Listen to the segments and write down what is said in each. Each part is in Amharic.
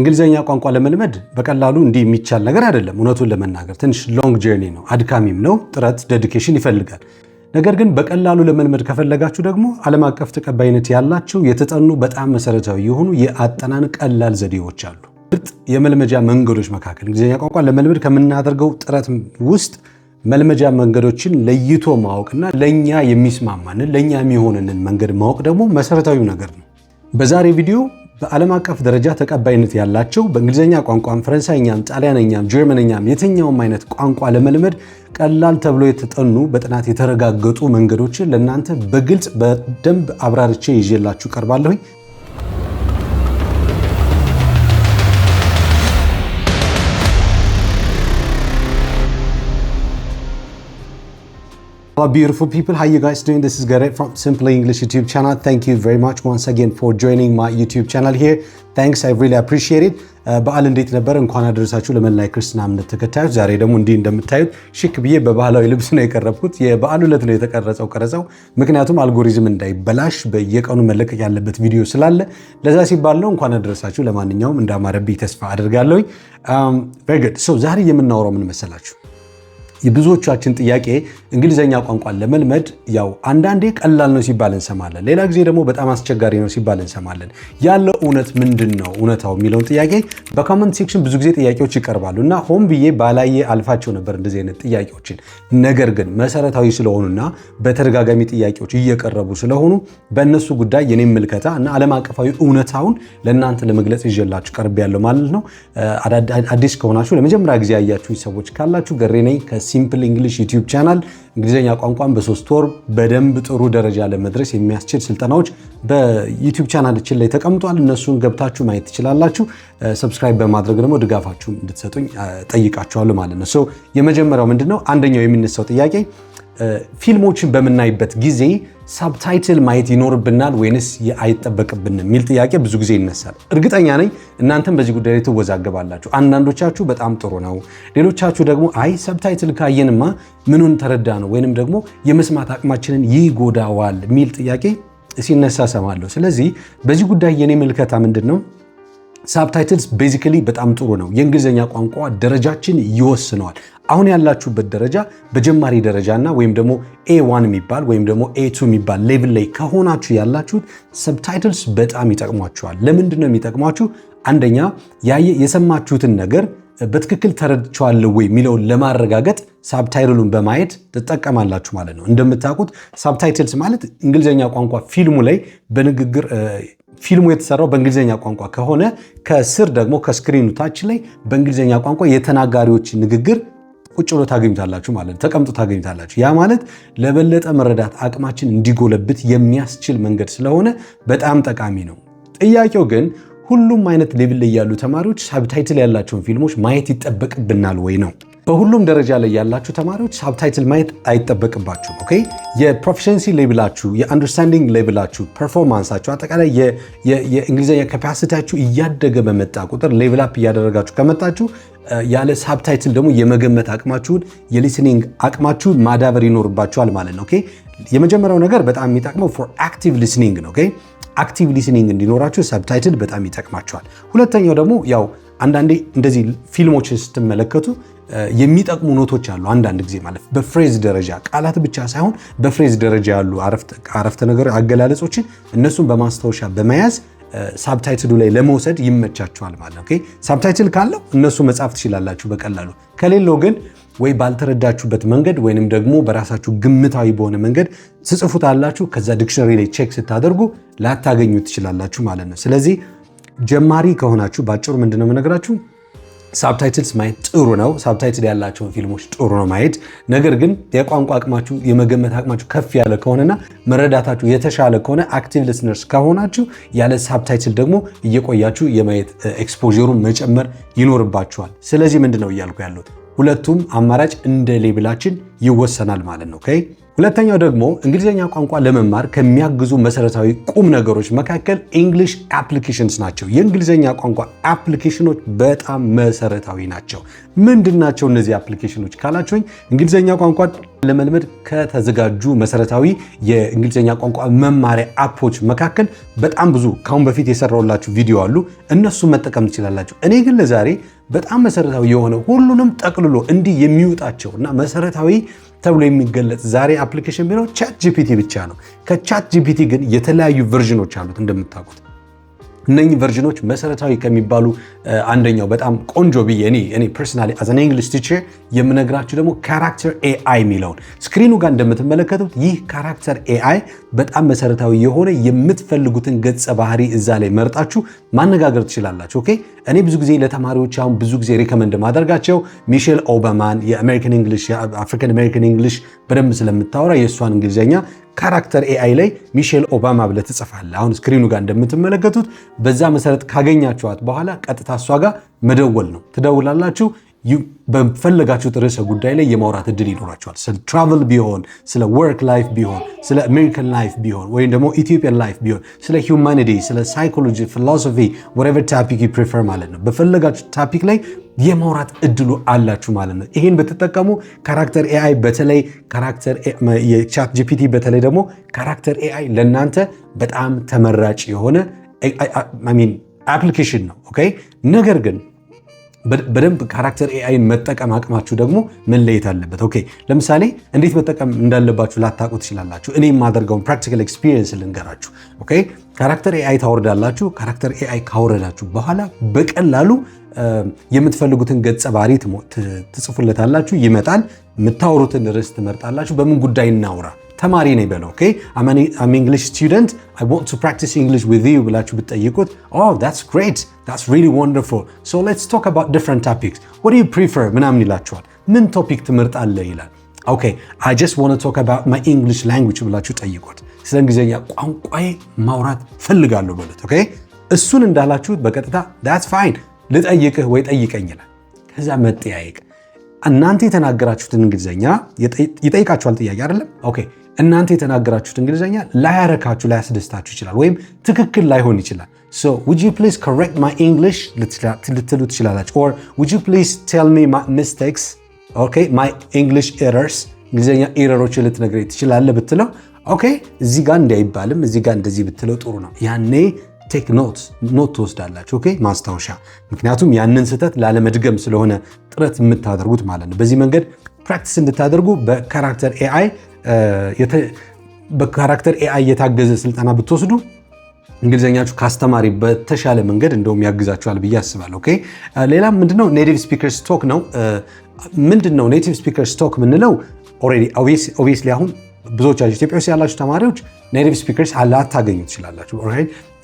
እንግሊዝኛ ቋንቋ ለመልመድ በቀላሉ እንዲህ የሚቻል ነገር አይደለም። እውነቱን ለመናገር ትንሽ ሎንግ ጀርኒ ነው፣ አድካሚም ነው፣ ጥረት ዴዲኬሽን ይፈልጋል። ነገር ግን በቀላሉ ለመልመድ ከፈለጋችሁ ደግሞ ዓለም አቀፍ ተቀባይነት ያላቸው የተጠኑ በጣም መሰረታዊ የሆኑ የአጠናን ቀላል ዘዴዎች አሉ። ምርጥ የመልመጃ መንገዶች መካከል እንግሊዝኛ ቋንቋ ለመልመድ ከምናደርገው ጥረት ውስጥ መልመጃ መንገዶችን ለይቶ ማወቅና ለእኛ የሚስማማንን ለእኛ የሚሆንንን መንገድ ማወቅ ደግሞ መሰረታዊ ነገር ነው። በዛሬ ቪዲዮ በዓለም አቀፍ ደረጃ ተቀባይነት ያላቸው በእንግሊዝኛ ቋንቋም ፈረንሳይኛም ጣሊያንኛም ጀርመንኛም የትኛውም አይነት ቋንቋ ለመልመድ ቀላል ተብሎ የተጠኑ በጥናት የተረጋገጡ መንገዶችን ለእናንተ በግልጽ በደንብ አብራርቼ ይዤላችሁ ቀርባለሁኝ። Hello beautiful people, how you guys doing? This is Garrett from Simply English YouTube channel. Thank you very much once again for joining my YouTube channel here. ታንክስ አይ ሪሊ አፕሪሺየትድ። በዓል እንዴት ነበር? እንኳን አደረሳችሁ ለመላ ክርስትና እምነት ተከታዮች። ዛሬ ደግሞ እንዲህ እንደምታዩት ሽክ ብዬ በባህላዊ ልብስ ነው የቀረብኩት። የበዓል ዕለት ነው የተቀረጸው ቀረጸው፣ ምክንያቱም አልጎሪዝም እንዳይበላሽ በየቀኑ መለቀቅ ያለበት ቪዲዮ ስላለ ለዛ ሲባል ነው። እንኳን አደረሳችሁ። ለማንኛውም እንዳማረብኝ ተስፋ አድርጋለሁኝ። ቬሪ ጉድ ሶ ዛሬ የምናወራው ምን መሰላችሁ? የብዙዎቻችን ጥያቄ እንግሊዘኛ ቋንቋን ለመልመድ ያው አንዳንዴ ቀላል ነው ሲባል እንሰማለን፣ ሌላ ጊዜ ደግሞ በጣም አስቸጋሪ ነው ሲባል እንሰማለን። ያለው እውነት ምንድን ነው እውነታው የሚለውን ጥያቄ በኮመንት ሴክሽን ብዙ ጊዜ ጥያቄዎች ይቀርባሉ እና ሆን ብዬ ባላየ አልፋቸው ነበር እንደዚህ አይነት ጥያቄዎችን። ነገር ግን መሰረታዊ ስለሆኑና በተደጋጋሚ ጥያቄዎች እየቀረቡ ስለሆኑ በእነሱ ጉዳይ የኔም ምልከታ እና ዓለም አቀፋዊ እውነታውን ለእናንተ ለመግለጽ ይዤላችሁ ቀርቤያለሁ ማለት ነው። አዲስ ከሆናችሁ ለመጀመሪያ ጊዜ ያያችሁ ሰዎች ካላችሁ ገሬ ነኝ ሲምፕል እንግሊሽ ዩቲዩብ ቻናል እንግሊዝኛ ቋንቋን በሶስት ወር በደንብ ጥሩ ደረጃ ለመድረስ የሚያስችል ስልጠናዎች በዩቲዩብ ቻናልችን ላይ ተቀምጧል። እነሱን ገብታችሁ ማየት ትችላላችሁ። ሰብስክራይብ በማድረግ ደግሞ ድጋፋችሁ እንድትሰጡኝ ጠይቃችኋሉ ማለት ነው። የመጀመሪያው ምንድነው አንደኛው የሚነሳው ጥያቄ ፊልሞችን በምናይበት ጊዜ ሳብታይትል ማየት ይኖርብናል ወይንስ አይጠበቅብን የሚል ጥያቄ ብዙ ጊዜ ይነሳል። እርግጠኛ ነኝ እናንተም በዚህ ጉዳይ ላይ ትወዛገባላችሁ። አንዳንዶቻችሁ በጣም ጥሩ ነው፣ ሌሎቻችሁ ደግሞ አይ ሳብታይትል ካየንማ ምኑን ተረዳ ነው ወይንም ደግሞ የመስማት አቅማችንን ይጎዳዋል የሚል ጥያቄ ሲነሳ ሰማለሁ። ስለዚህ በዚህ ጉዳይ የኔ ምልከታ ምንድን ነው? ሳብታይትልስ ቤዚካሊ በጣም ጥሩ ነው። የእንግሊዝኛ ቋንቋ ደረጃችን ይወስነዋል። አሁን ያላችሁበት ደረጃ በጀማሪ ደረጃና ወይም ደግሞ ኤ ዋን የሚባል ወይም ደግሞ ኤ ቱ የሚባል ሌቭል ላይ ከሆናችሁ ያላችሁት ሰብታይትልስ በጣም ይጠቅሟችኋል። ለምንድን ነው የሚጠቅሟችሁ? አንደኛ የሰማችሁትን ነገር በትክክል ተረድቼዋለሁ ወይ የሚለውን ለማረጋገጥ ሳብታይትሉን በማየት ትጠቀማላችሁ ማለት ነው። እንደምታውቁት ሳብታይትልስ ማለት እንግሊዝኛ ቋንቋ ፊልሙ ላይ በንግግር ፊልሙ የተሰራው በእንግሊዝኛ ቋንቋ ከሆነ ከስር ደግሞ ከስክሪኑ ታች ላይ በእንግሊዝኛ ቋንቋ የተናጋሪዎች ንግግር ቁጭ ብሎ ታገኙታላችሁ ማለት ተቀምጦ ታገኙታላችሁ። ያ ማለት ለበለጠ መረዳት አቅማችን እንዲጎለብት የሚያስችል መንገድ ስለሆነ በጣም ጠቃሚ ነው። ጥያቄው ግን ሁሉም አይነት ሌቭል ላይ ያሉ ተማሪዎች ሳብታይትል ያላቸውን ፊልሞች ማየት ይጠበቅብናል ወይ ነው። በሁሉም ደረጃ ላይ ያላችሁ ተማሪዎች ሳብታይትል ማየት አይጠበቅባችሁም። ኦኬ የፕሮፊሸንሲ ሌብላችሁ፣ የአንደርስታንዲንግ ሌብላችሁ፣ ፐርፎርማንሳችሁ፣ አጠቃላይ የእንግሊዝኛ ካፓሲቲያችሁ እያደገ በመጣ ቁጥር ሌቭል አፕ እያደረጋችሁ ከመጣችሁ ያለ ሳብታይትል ደግሞ የመገመት አቅማችሁን የሊስኒንግ አቅማችሁን ማዳበር ይኖርባችኋል ማለት ነው። የመጀመሪያው ነገር በጣም የሚጠቅመው ፎር አክቲቭ ሊስኒንግ ነው። አክቲቭ ሊስኒንግ እንዲኖራችሁ ሳብታይትል በጣም ይጠቅማችኋል። ሁለተኛው ደግሞ ያው አንዳንዴ እንደዚህ ፊልሞችን ስትመለከቱ የሚጠቅሙ ኖቶች አሉ። አንዳንድ ጊዜ ማለት በፍሬዝ ደረጃ ቃላት ብቻ ሳይሆን በፍሬዝ ደረጃ ያሉ አረፍተ ነገር አገላለጾችን እነሱን በማስታወሻ በመያዝ ሳብታይትሉ ላይ ለመውሰድ ይመቻቸዋል ማለት ነው። ሳብታይትል ካለው እነሱ መጻፍ ትችላላችሁ በቀላሉ። ከሌለው ግን ወይ ባልተረዳችሁበት መንገድ ወይንም ደግሞ በራሳችሁ ግምታዊ በሆነ መንገድ ስጽፉት አላችሁ ከዛ ዲክሽነሪ ላይ ቼክ ስታደርጉ ላታገኙ ትችላላችሁ ማለት ነው። ስለዚህ ጀማሪ ከሆናችሁ በአጭሩ ምንድነው የምነግራችሁ ሳብታይትልስ ማየት ጥሩ ነው። ሳብታይትል ያላቸውን ፊልሞች ጥሩ ነው ማየት። ነገር ግን የቋንቋ አቅማችሁ የመገመት አቅማችሁ ከፍ ያለ ከሆነና መረዳታችሁ የተሻለ ከሆነ አክቲቭ ሊስነርስ ከሆናችሁ ያለ ሳብታይትል ደግሞ እየቆያችሁ የማየት ኤክስፖሩ መጨመር ይኖርባችኋል። ስለዚህ ምንድን ነው እያልኩ ያሉት ሁለቱም አማራጭ እንደ ሌብላችን ይወሰናል ማለት ነው። ሁለተኛው ደግሞ እንግሊዝኛ ቋንቋ ለመማር ከሚያግዙ መሰረታዊ ቁም ነገሮች መካከል ኢንግሊሽ አፕሊኬሽንስ ናቸው። የእንግሊዝኛ ቋንቋ አፕሊኬሽኖች በጣም መሰረታዊ ናቸው። ምንድን ናቸው እነዚህ አፕሊኬሽኖች ካላችሁኝ እንግሊዝኛ ቋንቋ ለመልመድ ከተዘጋጁ መሰረታዊ የእንግሊዝኛ ቋንቋ መማሪያ አፖች መካከል በጣም ብዙ ካሁን በፊት የሰራውላችሁ ቪዲዮ አሉ። እነሱ መጠቀም ትችላላችሁ። እኔ ግን ለዛሬ በጣም መሰረታዊ የሆነ ሁሉንም ጠቅልሎ እንዲህ የሚወጣቸው እና መሰረታዊ ተብሎ የሚገለጽ ዛሬ አፕሊኬሽን ቢኖር ቻት ጂፒቲ ብቻ ነው። ከቻት ጂፒቲ ግን የተለያዩ ቨርዥኖች አሉት እንደምታውቁት እነኚህ ቨርዥኖች መሰረታዊ ከሚባሉ አንደኛው በጣም ቆንጆ ብዬ እኔ እኔ ፐርሰናሊ አዝ አን እንግሊሽ ቲቸር የምነግራችሁ ደግሞ ካራክተር ኤአይ የሚለውን ስክሪኑ ጋር እንደምትመለከቱት ይህ ካራክተር ኤአይ በጣም መሰረታዊ የሆነ የምትፈልጉትን ገጸ ባህሪ እዛ ላይ መርጣችሁ ማነጋገር ትችላላችሁ። ኦኬ እኔ ብዙ ጊዜ ለተማሪዎች አሁን ብዙ ጊዜ ሪከመንድ ማደርጋቸው ሚሼል ኦበማን የአሜሪካን እንግሊሽ የአፍሪካን አሜሪካን እንግሊሽ በደንብ ስለምታወራ የእሷን እንግሊዝኛ ካራክተር ኤአይ ላይ ሚሼል ኦባማ ብለህ ትጽፋለህ። አሁን ስክሪኑ ጋር እንደምትመለከቱት በዛ መሰረት ካገኛችኋት በኋላ ቀጥታ እሷ ጋር መደወል ነው። ትደውላላችሁ በፈለጋችሁት ርዕሰ ጉዳይ ላይ የማውራት እድል ይኖራችኋል። ስለ ትራቨል ቢሆን፣ ስለ ወርክ ላይፍ ቢሆን፣ ስለ አሜሪካን ላይፍ ቢሆን ወይም ደግሞ ኢትዮጵያን ላይፍ ቢሆን፣ ስለ ሁማኒቲ፣ ስለ ሳይኮሎጂ፣ ፊሎሶፊ ወቨር ታፒክ ፕሪፈር ማለት ነው። በፈለጋችሁት ታፒክ ላይ የማውራት እድሉ አላችሁ ማለት ነው። ይህን ብትጠቀሙ ካራክተር ኤአይ በተለይ ካራክተር የቻት ጂፒቲ በተለይ ደግሞ ካራክተር ኤአይ ለእናንተ በጣም ተመራጭ የሆነ አፕሊኬሽን ነው። ኦኬ ነገር ግን በደንብ ካራክተር ኤአይን መጠቀም አቅማችሁ ደግሞ መለየት አለበት። ኦኬ ለምሳሌ እንዴት መጠቀም እንዳለባችሁ ላታቁ ትችላላችሁ። እኔ የማደርገውን ፕራክቲካል ኤክስፒሪየንስ ልንገራችሁ። ኦኬ ካራክተር ኤአይ ታወርዳላችሁ። ካራክተር ኤአይ ካወረዳችሁ በኋላ በቀላሉ የምትፈልጉትን ገጸ ባህሪ ትጽፉለታላችሁ። ይመጣል። የምታወሩትን ርዕስ ትመርጣላችሁ። በምን ጉዳይ እናውራ ተማሪ ነኝ በለው። ኦኬ አም ኢንግሊሽ ስቱደንት አይ ዋንት ቱ ፕራክቲስ ኢንግሊሽ ዊዝ ዩ ብላችሁ ብትጠይቁት ኦ ዳትስ ግሬት ዳትስ ሪሊ ወንደርፉል ሶ ሌትስ ቶክ አባውት ዲፍረንት ቶፒክስ ዋት ዱ ዩ ፕሪፈር ምናምን ይላችኋል። ምን ቶፒክ አለ ይላል። ኦኬ አይ ጀስት ዋንት ቱ ቶክ አባውት ማይ ኢንግሊሽ ላንጉጅ ብላችሁ ጠይቁት። ስለ እንግሊዝኛ ቋንቋዬ ማውራት ፈልጋለሁ በሉት። ኦኬ እሱን እንዳላችሁት በቀጥታ ዳትስ ፋይን ልጠይቅህ ወይ ጠይቀኝ ይላል። ከዛ መጠያየቅ እናንተ የተናገራችሁትን እንግሊዝኛ ይጠይቃችኋል። ጥያቄ አይደለም ኦኬ እናንተ የተናገራችሁት እንግሊዝኛ ላያረካችሁ ላያስደስታችሁ ይችላል፣ ወይም ትክክል ላይሆን ይችላል። ሶ ውድ ዩ ፕሊዝ ኮሬክት ማይ ኢንግሊሽ ልትሉ ትችላላችሁ። ኦር ውድ ዩ ፕሊዝ ቴል ሚ ማይ ሚስቴክስ ኦኬ ማይ ኢንግሊሽ ኤረርስ እንግሊዝኛ ኤረሮች ልትነግረኝ ትችላለህ ብትለው፣ ኦኬ እዚህ ጋር እንዲህ አይባልም እዚህ ጋር እንደዚህ ብትለው ጥሩ ነው። ያኔ ቴክ ኖት ኖት ትወስዳላችሁ። ማስታወሻ፣ ምክንያቱም ያንን ስህተት ላለመድገም ስለሆነ ጥረት የምታደርጉት ማለት ነው። በዚህ መንገድ ፕራክቲስ እንድታደርጉ በካራክተር ኤአይ በካራክተር ኤአይ የታገዘ ስልጠና ብትወስዱ እንግሊዝኛችሁ ከአስተማሪ በተሻለ መንገድ እንደውም ያግዛችኋል ብዬ አስባለሁ። ኦኬ ሌላ ምንድነው ኔቲቭ ስፒከርስ ቶክ ነው። ምንድነው ኔቲቭ ስፒከርስ ቶክ የምንለው? ኦልሬዲ ኦብቪየስሊ አሁን ብዙዎቻችሁ ኢትዮጵያ ውስጥ ያላችሁ ተማሪዎች ኔቲቭ ስፒከርስ ላታገኙ ትችላላችሁ።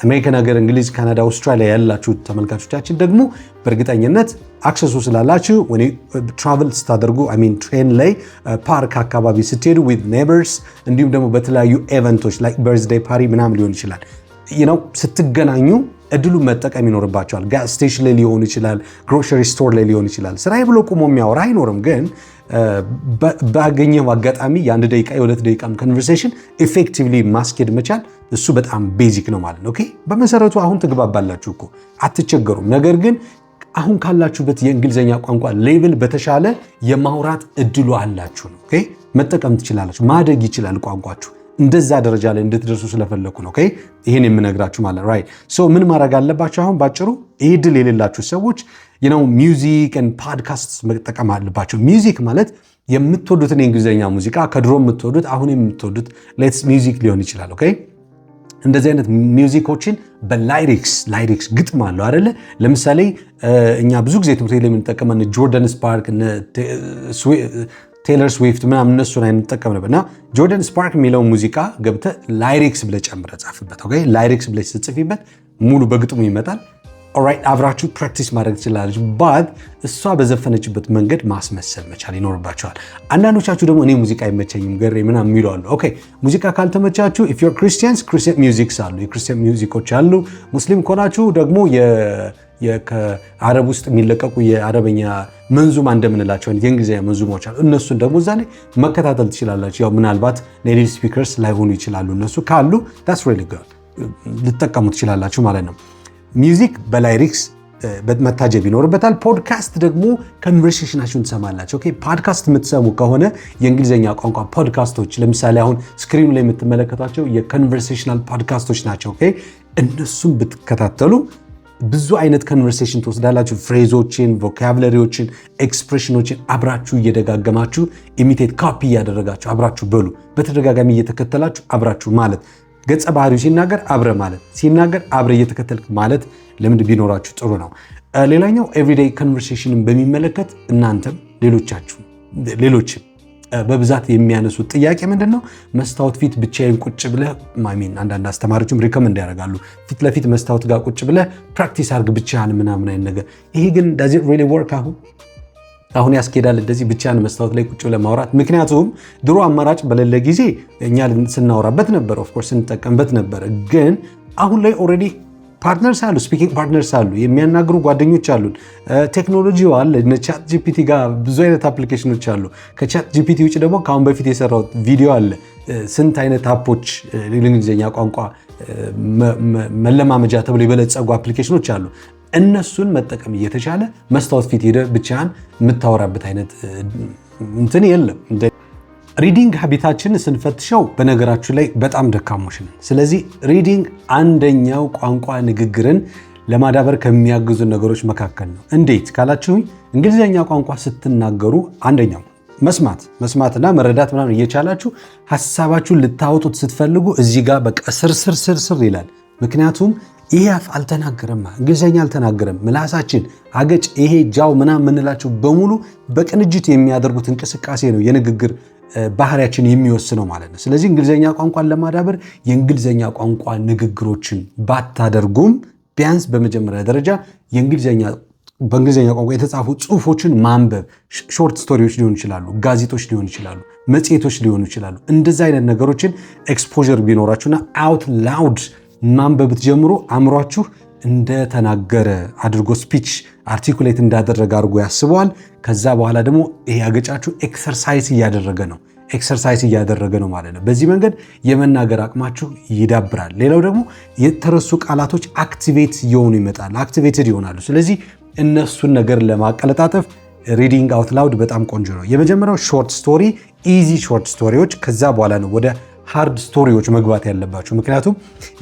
አሜሪካን ሀገር፣ እንግሊዝ፣ ካናዳ፣ አውስትራሊያ ያላችሁ ተመልካቾቻችን ደግሞ በእርግጠኝነት አክሰሱ ስላላችሁ ትራቨል uh, ስታደርጉ ሚን ትሬን ላይ ፓርክ uh, አካባቢ ስትሄዱ ዊዝ ኔበርስ እንዲሁም ደግሞ በተለያዩ ኤቨንቶች ላይ በርዝዴይ ፓሪ ምናምን ሊሆን ይችላል ነው ስትገናኙ እድሉን መጠቀም ይኖርባቸዋል። ጋዝ ስቴሽን ላይ ሊሆን ይችላል፣ ግሮሰሪ ስቶር ላይ ሊሆን ይችላል። ስራዬ ብሎ ቁሞ የሚያወራ አይኖርም፣ ግን ባገኘው አጋጣሚ የአንድ ደቂቃ የሁለት ደቂቃም ኮንቨርሴሽን ኢፌክቲቭሊ ማስኬድ መቻል እሱ በጣም ቤዚክ ነው ማለት ነው። በመሰረቱ አሁን ትግባባላችሁ እኮ አትቸገሩም። ነገር ግን አሁን ካላችሁበት የእንግሊዝኛ ቋንቋ ሌቭል በተሻለ የማውራት እድሉ አላችሁ ነው። መጠቀም ትችላላችሁ። ማደግ ይችላል ቋንቋችሁ። እንደዛ ደረጃ ላይ እንድትደርሱ ስለፈለኩ ነው ይሄን የምነግራችሁ ማለት ራይት። ሶ ምን ማድረግ አለባችሁ? አሁን ባጭሩ ይህ ድል የሌላችሁ ሰዎች ነው ሚውዚክ ፖድካስት መጠቀም አለባቸው። ሚውዚክ ማለት የምትወዱትን የእንግሊዝኛ ሙዚቃ ከድሮ የምትወዱት አሁን የምትወዱት ሌትስ ሚውዚክ ሊሆን ይችላል ኦኬ እንደዚህ አይነት ሚውዚኮችን በላይሪክስ ላይሪክስ ግጥም አለው አይደለ? ለምሳሌ እኛ ብዙ ጊዜ ትምህርት ላይ የምንጠቀመን ጆርዳንስ ስፓርክ ቴይለር ስዊፍት ምናምን እነሱን አይነት እንጠቀም ነበር እና ጆርደን ስፓርክ የሚለው ሙዚቃ ገብተ ላይሪክስ ብለ ጨምረ ጻፍበት። ኦኬ ላይሪክስ ብለ ስጽፊበት ሙሉ በግጥሙ ይመጣል። ኦራይት አብራችሁ ፕራክቲስ ማድረግ ትችላለች። ባት እሷ በዘፈነችበት መንገድ ማስመሰል መቻል ይኖርባቸዋል። አንዳንዶቻችሁ ደግሞ እኔ ሙዚቃ አይመቸኝም ገሬ ምናምን የሚሉ አሉ። ኦኬ ሙዚቃ ካልተመቻችሁ ኢፍ ዩር ክርስቲያንስ ክርስቲያን ሚውዚክስ አሉ፣ የክርስቲያን ሚውዚኮች አሉ። ሙስሊም ከሆናችሁ ደግሞ ከአረብ ውስጥ የሚለቀቁ የአረበኛ መንዙማ እንደምንላቸው የእንግሊዝኛ መንዙማዎች አሉ። እነሱን ደግሞ እዛ ላይ መከታተል ትችላላችሁ። ያው ምናልባት ኔቲቭ ስፒከርስ ላይሆኑ ይችላሉ። እነሱ ካሉ ዳስ ሪሊ ጉድ ልጠቀሙ ትችላላችሁ ማለት ነው። ሚውዚክ በላይሪክስ መታጀብ ይኖርበታል። ፖድካስት ደግሞ ኮንቨርሴሽናችሁን ትሰማላችሁ። ኦኬ ፖድካስት የምትሰሙ ከሆነ የእንግሊዝኛ ቋንቋ ፖድካስቶች ለምሳሌ አሁን ስክሪኑ ላይ የምትመለከቷቸው የኮንቨርሴሽናል ፖድካስቶች ናቸው። ኦኬ ብትከታተሉ ብዙ አይነት ኮንቨርሴሽን ትወስዳላችሁ። ፍሬዞችን፣ ቮካብለሪዎችን፣ ኤክስፕሬሽኖችን አብራችሁ እየደጋገማችሁ ኢሚቴት ካፒ እያደረጋችሁ አብራችሁ በሉ። በተደጋጋሚ እየተከተላችሁ አብራችሁ ማለት ገጸ ባህሪው ሲናገር አብረ ማለት ሲናገር አብረ እየተከተልክ ማለት ልምድ ቢኖራችሁ ጥሩ ነው። ሌላኛው ኤቭሪዴይ ኮንቨርሴሽንን በሚመለከት እናንተም ሌሎቻችሁ ሌሎችም በብዛት የሚያነሱት ጥያቄ ምንድን ነው? መስታወት ፊት ብቻዬን ቁጭ ብለህ ማሚን አንዳንድ አስተማሪዎችም ሪኮመንድ ያደርጋሉ። ፊት ለፊት መስታወት ጋር ቁጭ ብለህ ፕራክቲስ አድርግ ብቻህን ምናምን አይነት ነገር። ይሄ ግን ዳዝ ኢት ሪሊ ወርክ አሁን አሁን ያስኬዳል እንደዚህ ብቻን መስታወት ላይ ቁጭ ብለህ ማውራት? ምክንያቱም ድሮ አማራጭ በሌለ ጊዜ እኛ ስናወራበት ነበር፣ ኦፍኮርስ ስንጠቀምበት ነበረ። ግን አሁን ላይ ኦልሬዲ ፓርትነርስ አሉ፣ ስፒኪንግ ፓርትነርስ አሉ፣ የሚያናግሩ ጓደኞች አሉን። ቴክኖሎጂ አለ። ቻት ጂፒቲ ጋር ብዙ አይነት አፕሊኬሽኖች አሉ። ከቻት ጂፒቲ ውጭ ደግሞ ከአሁን በፊት የሰራው ቪዲዮ አለ። ስንት አይነት አፖች እንግሊዝኛ ቋንቋ መለማመጃ ተብሎ የበለጸጉ አፕሊኬሽኖች አሉ። እነሱን መጠቀም እየተቻለ መስታወት ፊት ሄደ ብቻህን የምታወራበት አይነት እንትን የለም። ሪዲንግ ሀቢታችን ስንፈትሸው በነገራችሁ ላይ በጣም ደካሞች ነን። ስለዚህ ሪዲንግ አንደኛው ቋንቋ ንግግርን ለማዳበር ከሚያግዙ ነገሮች መካከል ነው። እንዴት ካላችሁኝ እንግሊዝኛ ቋንቋ ስትናገሩ አንደኛው መስማት መስማትና መረዳት ምናምን እየቻላችሁ ሀሳባችሁን ልታወጡት ስትፈልጉ እዚህ ጋር በቃ ስርስር ስርስር ይላል። ምክንያቱም ይሄ አፍ አልተናገረም፣ እንግሊዝኛ አልተናገረም። ምላሳችን፣ አገጭ፣ ይሄ ጃው ምናምን የምንላቸው በሙሉ በቅንጅት የሚያደርጉት እንቅስቃሴ ነው የንግግር ባህሪያችን የሚወስነው ማለት ነው። ስለዚህ እንግሊዝኛ ቋንቋን ለማዳበር የእንግሊዝኛ ቋንቋ ንግግሮችን ባታደርጉም ቢያንስ በመጀመሪያ ደረጃ በእንግሊዝኛ ቋንቋ የተጻፉ ጽሁፎችን ማንበብ ሾርት ስቶሪዎች ሊሆኑ ይችላሉ፣ ጋዜጦች ሊሆኑ ይችላሉ፣ መጽሔቶች ሊሆኑ ይችላሉ። እንደዚ አይነት ነገሮችን ኤክስፖዠር ቢኖራችሁና አውት ላውድ ማንበብት ጀምሮ አእምሯችሁ እንደተናገረ አድርጎ ስፒች አርቲኩሌት እንዳደረገ አድርጎ ያስበዋል። ከዛ በኋላ ደግሞ ይሄ አገጫችሁ ኤክሰርሳይዝ እያደረገ ነው ኤክሰርሳይዝ እያደረገ ነው ማለት ነው። በዚህ መንገድ የመናገር አቅማችሁ ይዳብራል። ሌላው ደግሞ የተረሱ ቃላቶች አክቲቬት እየሆኑ ይመጣል፣ አክቲቬትድ ይሆናሉ። ስለዚህ እነሱን ነገር ለማቀለጣጠፍ ሪዲንግ አውት ላውድ በጣም ቆንጆ ነው። የመጀመሪያው ሾርት ስቶሪ፣ ኢዚ ሾርት ስቶሪዎች። ከዛ በኋላ ነው ወደ ሃርድ ስቶሪዎች መግባት ያለባችሁ። ምክንያቱም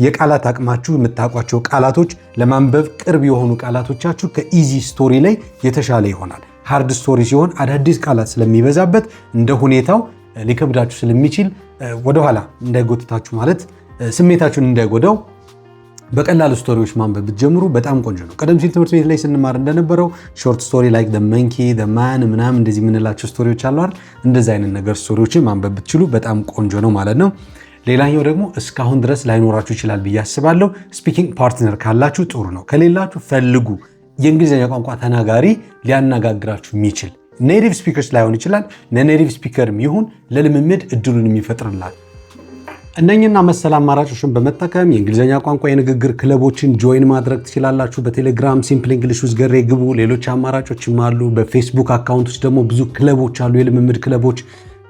የቃላት አቅማችሁ የምታውቋቸው ቃላቶች፣ ለማንበብ ቅርብ የሆኑ ቃላቶቻችሁ ከኢዚ ስቶሪ ላይ የተሻለ ይሆናል። ሃርድ ስቶሪ ሲሆን አዳዲስ ቃላት ስለሚበዛበት እንደ ሁኔታው ሊከብዳችሁ ስለሚችል ወደኋላ እንዳይጎትታችሁ ማለት ስሜታችሁን እንዳይጎዳው በቀላሉ ስቶሪዎች ማንበብ ብትጀምሩ በጣም ቆንጆ ነው። ቀደም ሲል ትምህርት ቤት ላይ ስንማር እንደነበረው ሾርት ስቶሪ ላይክ መንኪ ማን ምናም እንደዚህ የምንላቸው ስቶሪዎች አሉ አይደል? እንደዚህ አይነት ነገር ስቶሪዎችን ማንበብ ብትችሉ በጣም ቆንጆ ነው ማለት ነው። ሌላኛው ደግሞ እስካሁን ድረስ ላይኖራችሁ ይችላል ብዬ አስባለሁ። ስፒኪንግ ፓርትነር ካላችሁ ጥሩ ነው፣ ከሌላችሁ ፈልጉ። የእንግሊዝኛ ቋንቋ ተናጋሪ ሊያነጋግራችሁ የሚችል ኔቲቭ ስፒከርስ ላይሆን ይችላል። ለኔቲቭ ስፒከርም ይሁን ለልምምድ እድሉን የሚፈጥርላል። እነኝና መሰል አማራጮችን በመጠቀም የእንግሊዝኛ ቋንቋ የንግግር ክለቦችን ጆይን ማድረግ ትችላላችሁ። በቴሌግራም ሲምፕል እንግሊሽ ውስጥ ገሬ ግቡ። ሌሎች አማራጮችም አሉ። በፌስቡክ አካውንቶች ደግሞ ብዙ ክለቦች አሉ። የልምምድ ክለቦች፣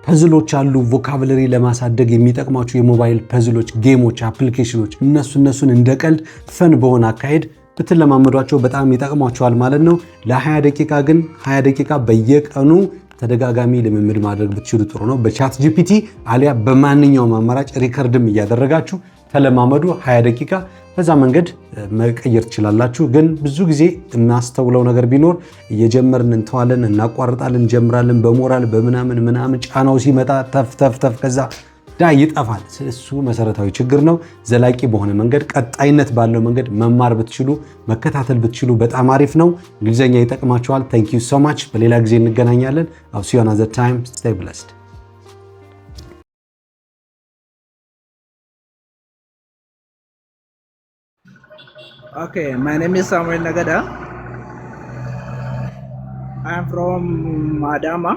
ፐዝሎች አሉ። ቮካብለሪ ለማሳደግ የሚጠቅማችሁ የሞባይል ፐዝሎች፣ ጌሞች፣ አፕሊኬሽኖች እነሱ እነሱን እንደ ቀልድ ፈን በሆነ አካሄድ ብትለማመዷቸው በጣም ይጠቅሟቸዋል ማለት ነው። ለ20 ደቂቃ ግን 20 ደቂቃ በየቀኑ ተደጋጋሚ ልምምድ ማድረግ ብትችሉ ጥሩ ነው። በቻት ጂፒቲ አሊያ በማንኛውም አማራጭ ሪከርድም እያደረጋችሁ ተለማመዱ 20 ደቂቃ። በዛ መንገድ መቀየር ትችላላችሁ። ግን ብዙ ጊዜ እናስተውለው ነገር ቢኖር እየጀመርን እንተዋለን፣ እናቋርጣለን፣ እንጀምራለን በሞራል በምናምን ምናምን ጫናው ሲመጣ ተፍተፍተፍ ተፍ ከዛ ዳ ይጠፋል። እሱ መሰረታዊ ችግር ነው። ዘላቂ በሆነ መንገድ ቀጣይነት ባለው መንገድ መማር ብትችሉ መከታተል ብትችሉ በጣም አሪፍ ነው። እንግሊዝኛ ይጠቅማችኋል። ታንክ ዩ ሶ ማች። በሌላ ጊዜ እንገናኛለን። አብ ሲ ዩ አናዘር ታይም ስቴይ ብለስድ ኦኬ ማይ ኔም ኢዝ ሳሙኤል ነገዳ አይ I'm ፍሮም አዳማ